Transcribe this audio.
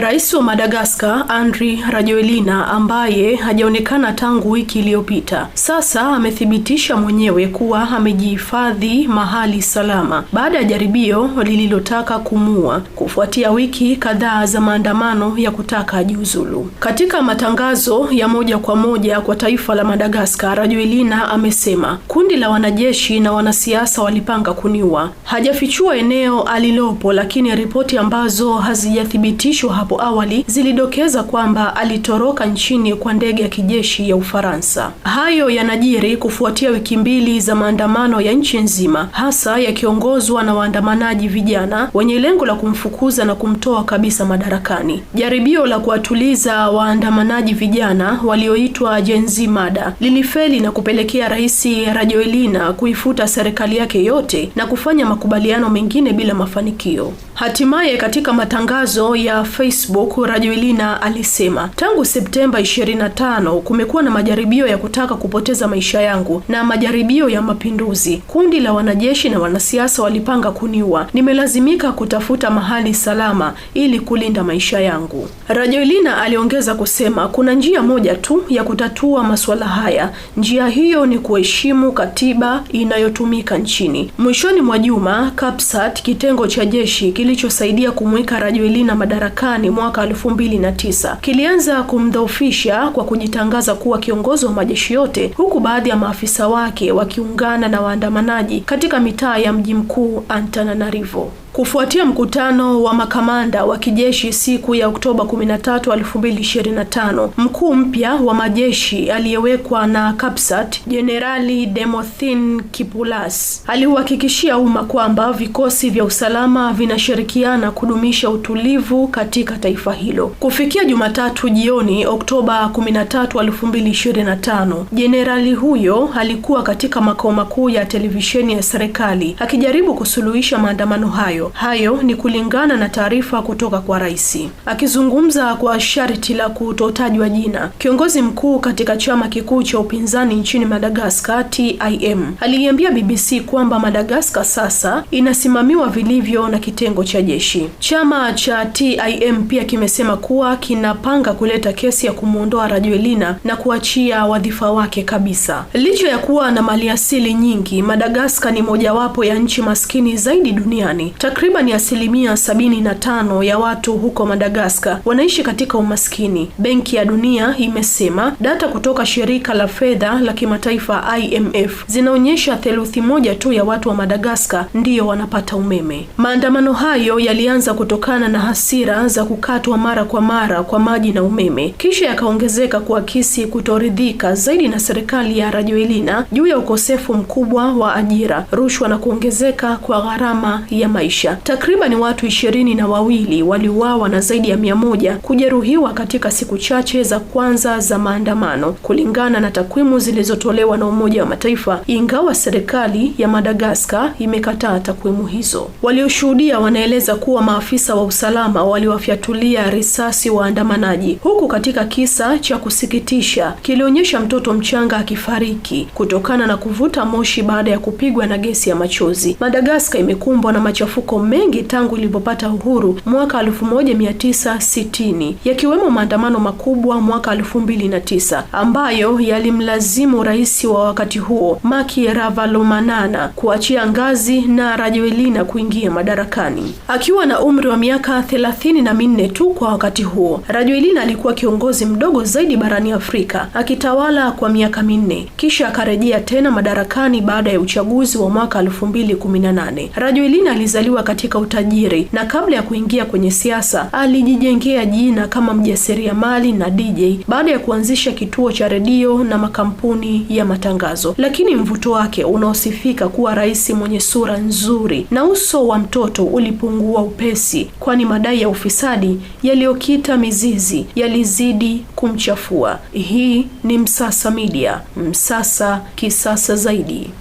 Rais wa Madagaskar Andry Rajoelina ambaye hajaonekana tangu wiki iliyopita sasa amethibitisha mwenyewe kuwa amejihifadhi mahali salama baada ya jaribio lililotaka kumua kufuatia wiki kadhaa za maandamano ya kutaka ajiuzulu. Katika matangazo ya moja kwa moja kwa taifa la Madagaskar, Rajoelina amesema kundi la wanajeshi na wanasiasa walipanga kuniua. Hajafichua eneo alilopo, lakini ripoti ambazo hazijathibitishwa hapo awali zilidokeza kwamba alitoroka nchini kwa ndege ya kijeshi ya Ufaransa. Hayo yanajiri kufuatia wiki mbili za maandamano ya nchi nzima, hasa yakiongozwa na waandamanaji vijana wenye lengo la kumfukuza na kumtoa kabisa madarakani. Jaribio la kuwatuliza waandamanaji vijana walioitwa Gen Z Mada lilifeli na kupelekea Rais Rajoelina kuifuta serikali yake yote na kufanya makubaliano mengine bila mafanikio. Hatimaye katika matangazo ya Facebook Rajoelina alisema, tangu Septemba 25 kumekuwa na majaribio ya kutaka kupoteza maisha yangu na majaribio ya mapinduzi. Kundi la wanajeshi na wanasiasa walipanga kuniua. Nimelazimika kutafuta mahali salama ili kulinda maisha yangu. Rajoelina aliongeza kusema, kuna njia moja tu ya kutatua masuala haya. Njia hiyo ni kuheshimu katiba inayotumika nchini. Mwishoni mwa juma, Kapsat kitengo cha jeshi kilichosaidia kumweka Rajoelina madarakani mwaka 2009. Kilianza kumdhoofisha kwa kujitangaza kuwa kiongozi wa majeshi yote, huku baadhi ya maafisa wake wakiungana na waandamanaji katika mitaa ya mji mkuu Antananarivo. Kufuatia mkutano wa makamanda wa kijeshi siku ya Oktoba 13, 2025, mkuu mpya wa majeshi aliyewekwa na Kapsat, Jenerali Demothin Kipulas, aliuhakikishia umma kwamba vikosi vya usalama vinashirikiana kudumisha utulivu katika taifa hilo. Kufikia Jumatatu jioni, Oktoba 13, 2025, jenerali huyo alikuwa katika makao makuu ya televisheni ya serikali akijaribu kusuluhisha maandamano hayo. Hayo ni kulingana na taarifa kutoka kwa rais. Akizungumza kwa sharti la kutotajwa jina, kiongozi mkuu katika chama kikuu cha upinzani nchini Madagaskar TIM aliiambia BBC kwamba Madagaskar sasa inasimamiwa vilivyo na kitengo cha jeshi. Chama cha TIM pia kimesema kuwa kinapanga kuleta kesi ya kumwondoa Rajoelina na kuachia wadhifa wake kabisa. Licha ya kuwa na maliasili nyingi, Madagaskar ni mojawapo ya nchi maskini zaidi duniani. Takriban asilimia sabini na tano ya watu huko Madagaskar wanaishi katika umaskini, Benki ya Dunia imesema. Data kutoka shirika la fedha la kimataifa IMF zinaonyesha theluthi moja tu ya watu wa Madagaskar ndiyo wanapata umeme. Maandamano hayo yalianza kutokana na hasira za kukatwa mara kwa mara kwa maji na umeme, kisha yakaongezeka kuakisi kutoridhika zaidi na serikali ya Rajoelina juu ya ukosefu mkubwa wa ajira, rushwa na kuongezeka kwa gharama ya maisha maisha. Takriban watu ishirini na wawili waliuawa na zaidi ya mia moja kujeruhiwa katika siku chache za kwanza za maandamano, kulingana na takwimu zilizotolewa na Umoja wa Mataifa, ingawa serikali ya Madagaskar imekataa takwimu hizo. Walioshuhudia wanaeleza kuwa maafisa wa usalama waliwafyatulia risasi waandamanaji, huku katika kisa cha kusikitisha kilionyesha mtoto mchanga akifariki kutokana na kuvuta moshi baada ya kupigwa na gesi ya machozi. Madagaskar imekumbwa na machafuko machafuko mengi tangu ilipopata uhuru mwaka 1960 yakiwemo maandamano makubwa mwaka 2009 ambayo yalimlazimu rais wa wakati huo Maki Ravalomanana kuachia ngazi na Rajoelina kuingia madarakani akiwa na umri wa miaka thelathini na minne tu kwa wakati huo. Rajoelina alikuwa kiongozi mdogo zaidi barani Afrika akitawala kwa miaka minne kisha akarejea tena madarakani baada ya uchaguzi wa mwaka 2018. Rajoelina alizaliwa akiwa katika utajiri na kabla ya kuingia kwenye siasa alijijengea jina kama mjasiriamali na DJ baada ya kuanzisha kituo cha redio na makampuni ya matangazo. Lakini mvuto wake unaosifika kuwa rais mwenye sura nzuri na uso wa mtoto ulipungua upesi, kwani madai ya ufisadi yaliyokita mizizi yalizidi kumchafua. Hii ni Msasa Media, Msasa kisasa zaidi.